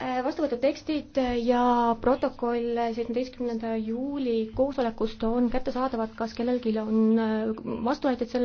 Äh, vastu võetud tekstid ja protokoll seitsmeteistkümnenda juuli koosolekust on kättesaadavad, kas kellelgi on äh, vastuväiteid sellele?